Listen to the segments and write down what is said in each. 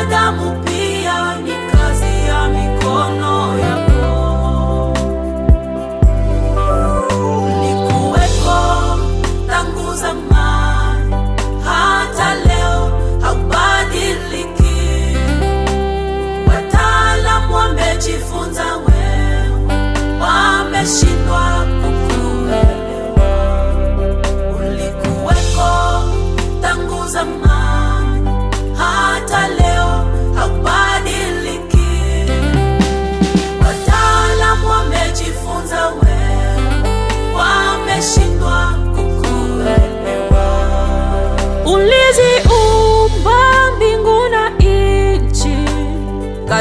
Adamo mudança.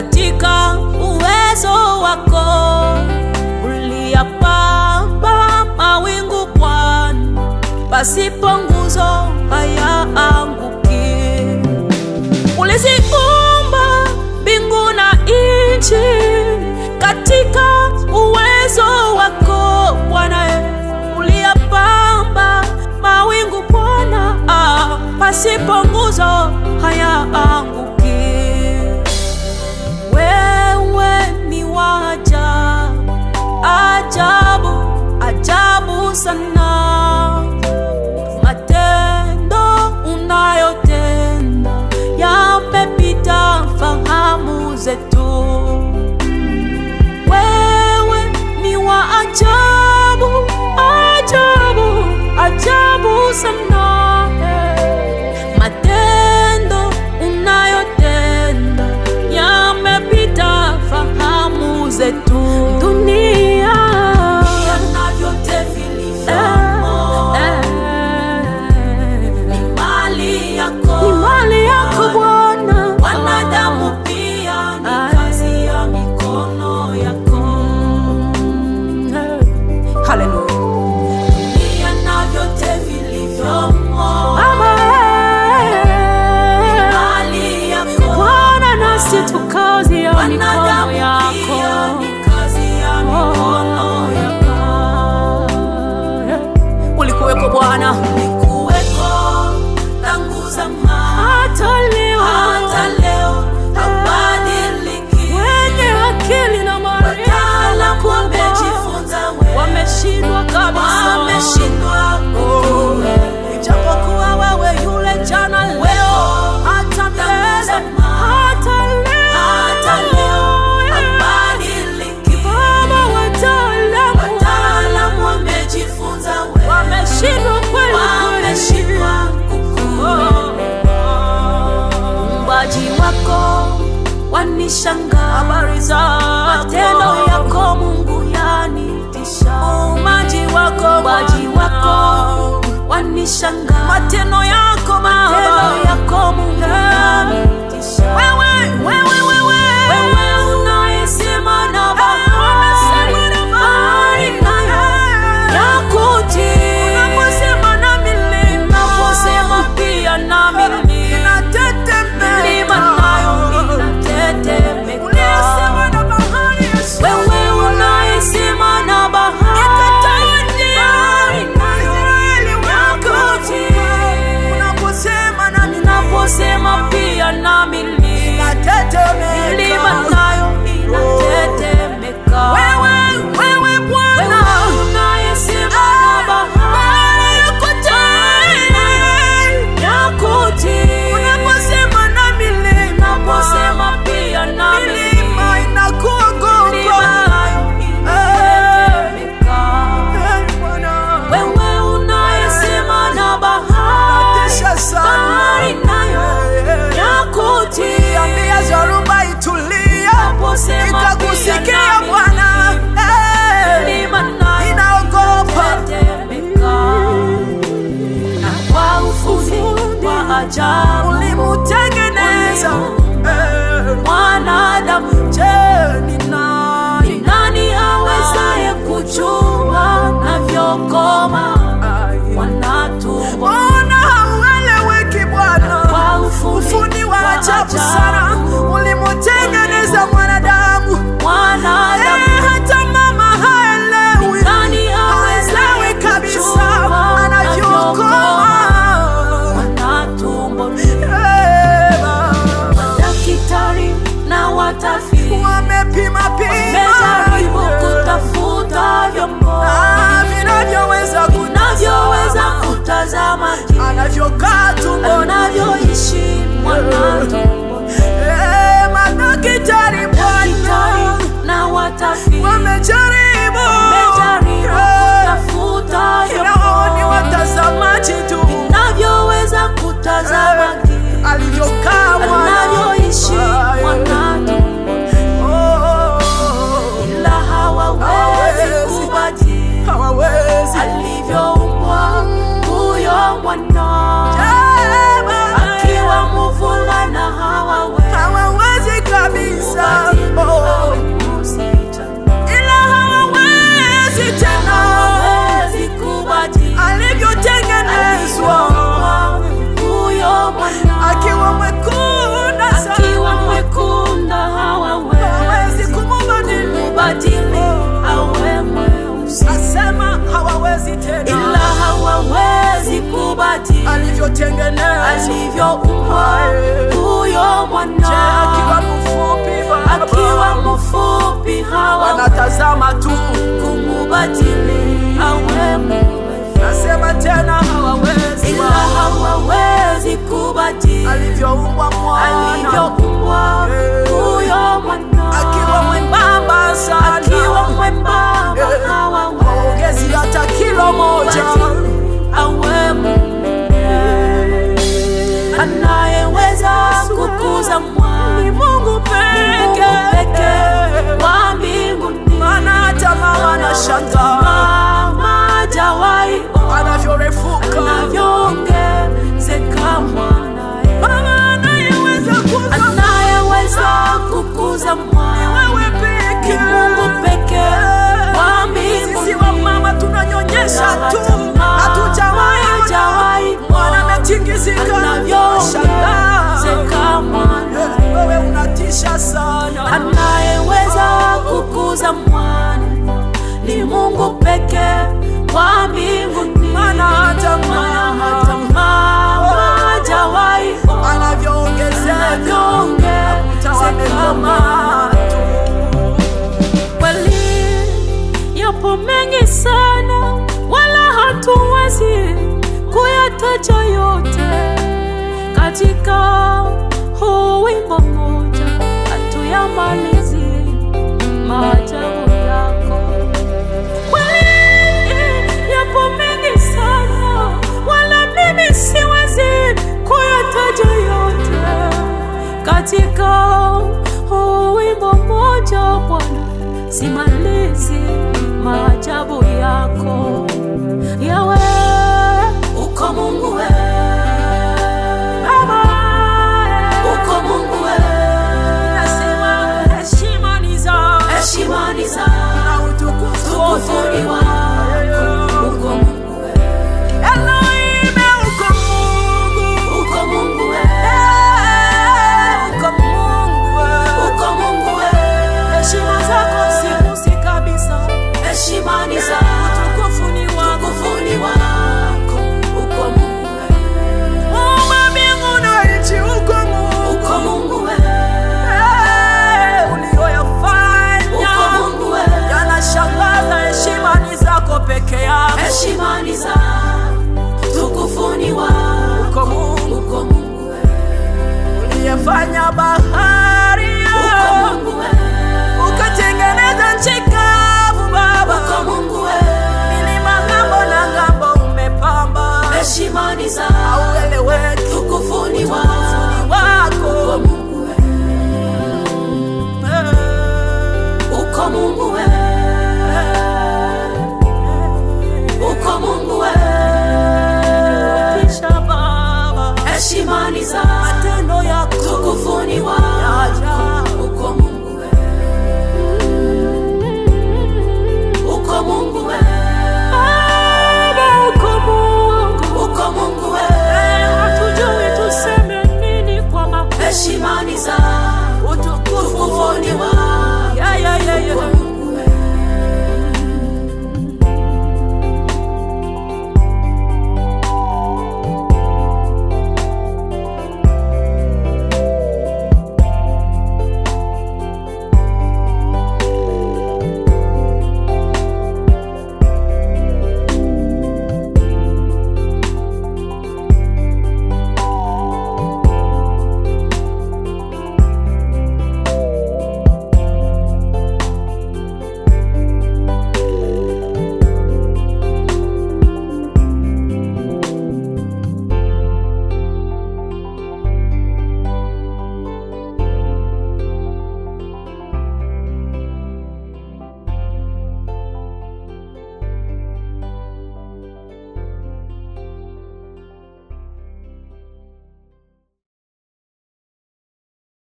katika uwezo wako uliyapamba mawingu kwani, pasipo nguzo haya anguki. Uliziumba mbingu na nchi katika uwezo wako Bwana, uliyapamba mawingu Bwana, ah, pasipo nguzo haya anguki. wa ajabu, ajabu, ajabu sana. Matendo unayotenda yamepita fahamu zetu. Wewe ni wa ajabu, ajabu, ajabu sana. na watafiti wamepima pima, wamejaribu kutafuta vyombo ah, vinavyoweza kutazama anavyokaa tumboni, anavyoishi eh, Madaktari na watafiti wamejaribu huyo upole, huyo Bwana akiwa mfupi, hawa wanatazama tu kumubadili awe, nasema tena hawawezi, ila hawawezi macho yote katika huu wimbo mmoja, hatuyamalizi maajabu Hashimaniza.